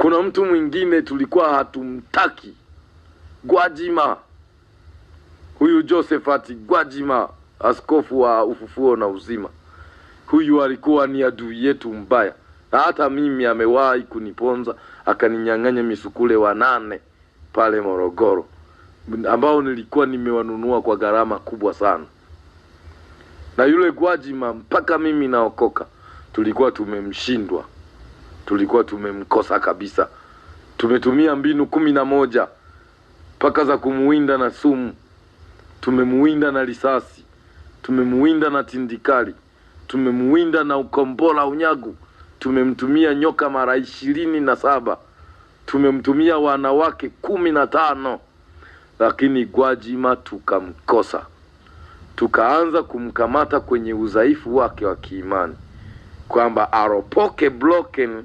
Kuna mtu mwingine tulikuwa hatumtaki, Gwajima, huyu Josephat Gwajima, askofu wa ufufuo na uzima. Huyu alikuwa ni adui yetu mbaya, hata mimi amewahi kuniponza, akaninyang'anya misukule wanane pale Morogoro, ambao nilikuwa nimewanunua kwa gharama kubwa sana. Na yule Gwajima mpaka mimi naokoka tulikuwa tumemshindwa tulikuwa tumemkosa kabisa. Tumetumia mbinu kumi na moja mpaka za kumuwinda na sumu, tumemuwinda na risasi, tumemuwinda na tindikali, tumemuwinda na ukombola unyagu, tumemtumia nyoka mara ishirini na saba, tumemtumia wanawake kumi na tano, lakini Gwajima tukamkosa. Tukaanza kumkamata kwenye udhaifu wake wa kiimani kwamba aropoke blocken